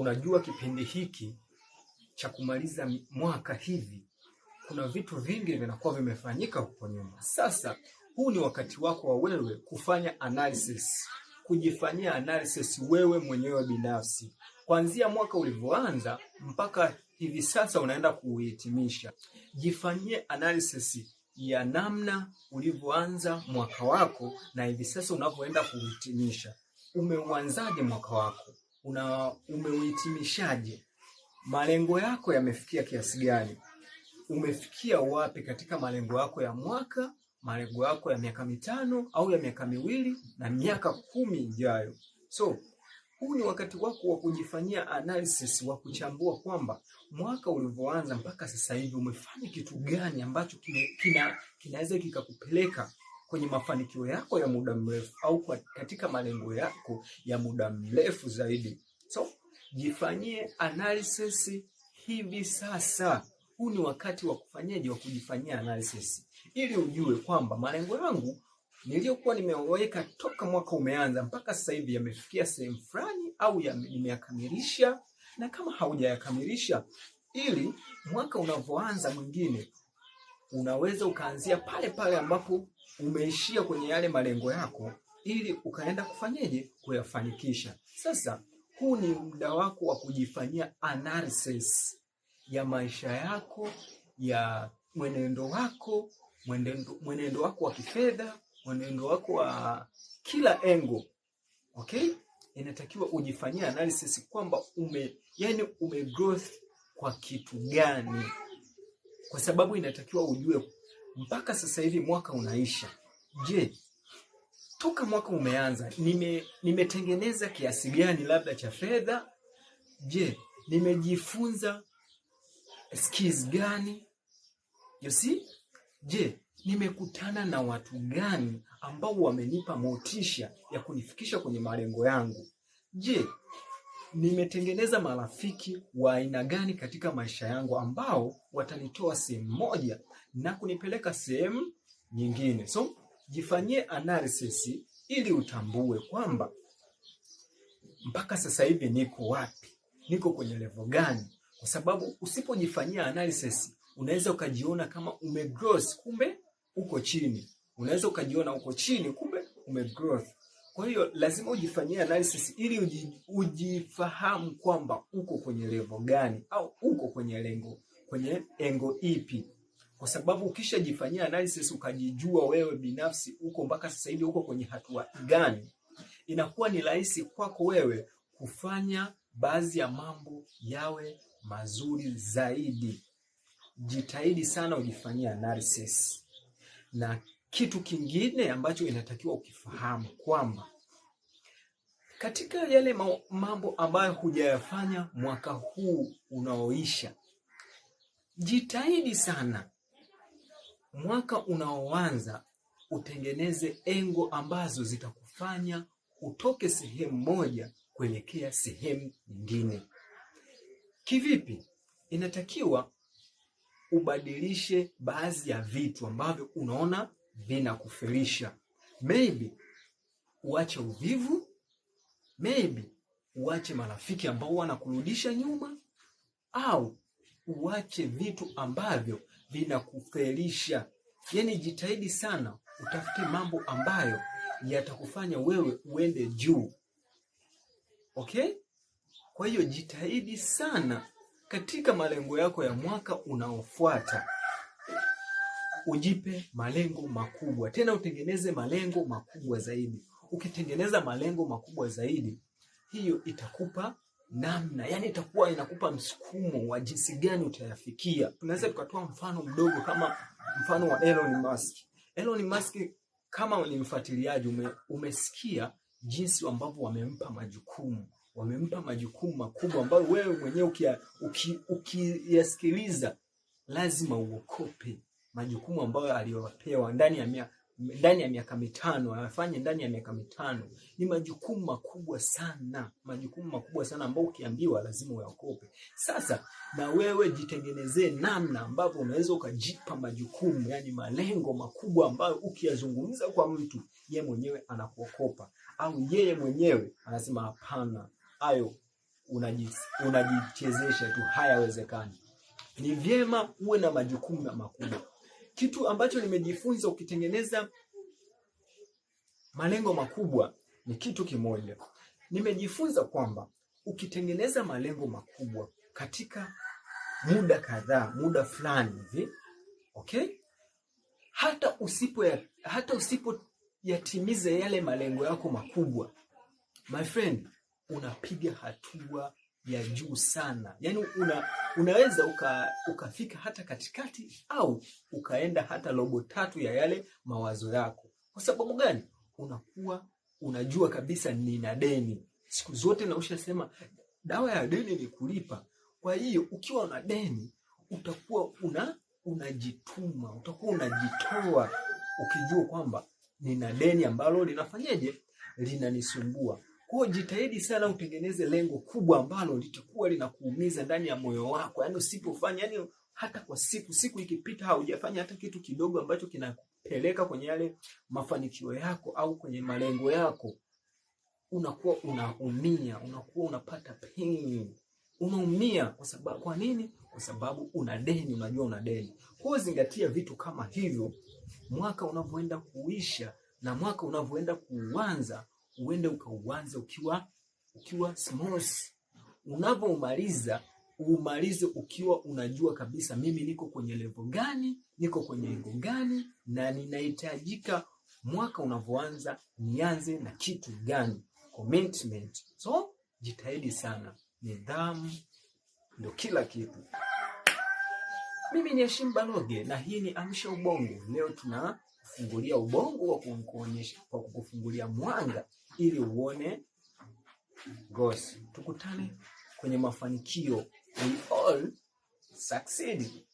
Unajua, kipindi hiki cha kumaliza mwaka hivi kuna vitu vingi vinakuwa vimefanyika huko nyuma. Sasa huu ni wakati wako wa wewe kufanya analysis, kujifanyia analysis wewe mwenyewe binafsi, kuanzia mwaka ulivyoanza mpaka hivi sasa unaenda kuuhitimisha. Jifanyie analysis ya namna ulivyoanza mwaka wako na hivi sasa unavyoenda kuuhitimisha. Umeuanzaje mwaka wako? una umeuhitimishaje? Malengo yako yamefikia kiasi gani? Umefikia wapi katika malengo yako ya mwaka, malengo yako ya miaka mitano au ya miaka miwili na miaka kumi ijayo? So huu ni wakati wako wa kujifanyia analysis, wa kuchambua kwamba mwaka ulivyoanza mpaka sasa hivi umefanya kitu gani ambacho kinaweza kina, kina kikakupeleka kwenye mafanikio yako ya muda mrefu au katika malengo yako ya muda mrefu zaidi. So jifanyie analysis hivi sasa. Huu ni wakati wa kufanyaje, wa kujifanyia analysis ili ujue kwamba malengo yangu niliyokuwa nimeweka toka mwaka umeanza mpaka sasa hivi yamefikia sehemu fulani au nimeyakamilisha, na kama haujayakamilisha, ili mwaka unavyoanza mwingine unaweza ukaanzia pale pale ambapo umeishia kwenye yale malengo yako, ili ukaenda kufanyeje kuyafanikisha. Sasa huu ni muda wako wa kujifanyia analysis ya maisha yako, ya mwenendo wako, mwenendo, mwenendo wako wa kifedha, mwenendo wako wa kila engo. Okay, inatakiwa ujifanyie analysis kwamba ume, yani ume growth kwa kitu gani? kwa sababu inatakiwa ujue mpaka sasa hivi mwaka unaisha. Je, toka mwaka umeanza nime nimetengeneza kiasi gani labda cha fedha? Je, nimejifunza skills gani? You see? Je, nimekutana na watu gani ambao wamenipa motisha ya kunifikisha kwenye malengo yangu? Je, nimetengeneza marafiki wa aina gani katika maisha yangu ambao watanitoa sehemu moja na kunipeleka sehemu nyingine. So jifanyie analysis ili utambue kwamba mpaka sasa hivi niko wapi, niko kwenye level gani, kwa sababu usipojifanyia analysis unaweza ukajiona kama umegrowth, kumbe uko chini. Unaweza ukajiona uko chini, kumbe umegrowth. Kwa hiyo lazima ujifanyie analysis ili ujifahamu kwamba uko kwenye level gani au uko kwenye lengo kwenye engo ipi, kwa sababu ukishajifanyia analysis ukajijua wewe binafsi uko mpaka sasa hivi uko kwenye hatua gani, inakuwa ni rahisi kwako wewe kufanya baadhi ya mambo yawe mazuri zaidi. Jitahidi sana ujifanyie analysis na kitu kingine ambacho inatakiwa ukifahamu kwamba katika yale mambo ambayo hujayafanya mwaka huu unaoisha, jitahidi sana mwaka unaoanza utengeneze engo ambazo zitakufanya utoke sehemu moja kuelekea sehemu nyingine. Kivipi? Inatakiwa ubadilishe baadhi ya vitu ambavyo unaona vinakufirisha. Maybe uache uvivu, maybe uache marafiki ambao wanakurudisha nyuma, au uache vitu ambavyo vinakufirisha. Yaani jitahidi sana utafute mambo ambayo yatakufanya wewe uende juu, okay? Kwa hiyo jitahidi sana katika malengo yako ya mwaka unaofuata ujipe malengo makubwa, tena utengeneze malengo makubwa zaidi. Ukitengeneza malengo makubwa zaidi, hiyo itakupa namna, yani itakuwa inakupa msukumo wa jinsi gani utayafikia. Tunaweza tukatoa mfano mdogo kama mfano wa Elon Musk. Elon Musk kama ni mfuatiliaji ume, umesikia jinsi ambavyo wamempa majukumu wamempa majukumu makubwa ambayo wewe mwenyewe ukiyasikiliza uki, uki lazima uokope majukumu ambayo aliyopewa ndani ya miaka ndani ya miaka mitano anafanya ndani ya miaka mitano, ni majukumu makubwa sana, majukumu makubwa sana ambayo ukiambiwa lazima uyaokope. Sasa na wewe jitengenezee namna ambavyo unaweza ukajipa majukumu, yani malengo makubwa ambayo ukiyazungumza kwa mtu yeye mwenyewe anakuokopa, au yeye mwenyewe anasema hapana, hayo unajichezesha tu, hayawezekani. Ni vyema uwe na majukumu makubwa kitu ambacho nimejifunza, ukitengeneza malengo makubwa ni kitu kimoja. Nimejifunza kwamba ukitengeneza malengo makubwa katika muda kadhaa, muda fulani hivi, okay, hata usipo ya, hata usipo yatimize yale malengo yako makubwa, my friend, unapiga hatua ya juu sana, yaani una, unaweza uka, ukafika hata katikati au ukaenda hata robo tatu ya yale mawazo yako. Kwa sababu gani? Unakuwa unajua kabisa nina deni. Siku zote naushasema dawa ya deni ni kulipa. Kwa hiyo ukiwa na deni utakuwa una unajituma, utakuwa unajitoa ukijua kwamba nina deni ambalo linafanyeje, linanisumbua. Kwa jitahidi sana utengeneze lengo kubwa ambalo litakuwa linakuumiza ndani ya moyo wako. Yaani usipofanya, yani hata kwa siku siku ikipita haujafanya hata kitu kidogo ambacho kinapeleka kwenye yale mafanikio yako au kwenye malengo yako, unakuwa unaumia, unakuwa unapata pain, unaumia kwa sababu. Kwa nini? Kwa sababu una deni, unajua una deni. Kwa zingatia vitu kama hivyo mwaka unavyoenda kuisha na mwaka unavyoenda kuanza uende ukauanze ukiwa ukiwa smooth. Unavomaliza umalize ukiwa unajua kabisa mimi niko kwenye level gani, niko kwenye lengo gani, na ninahitajika mwaka unavyoanza nianze na kitu gani, commitment. So jitahidi sana, nidhamu ndio kila kitu. Mimi ni Hashim Baloge na hii ni Amsha Ubongo. Leo tunafungulia ubongo kwa kukuonyesha, kwa kukufungulia mwanga ili uone goals. Tukutane kwenye mafanikio. We all succeed.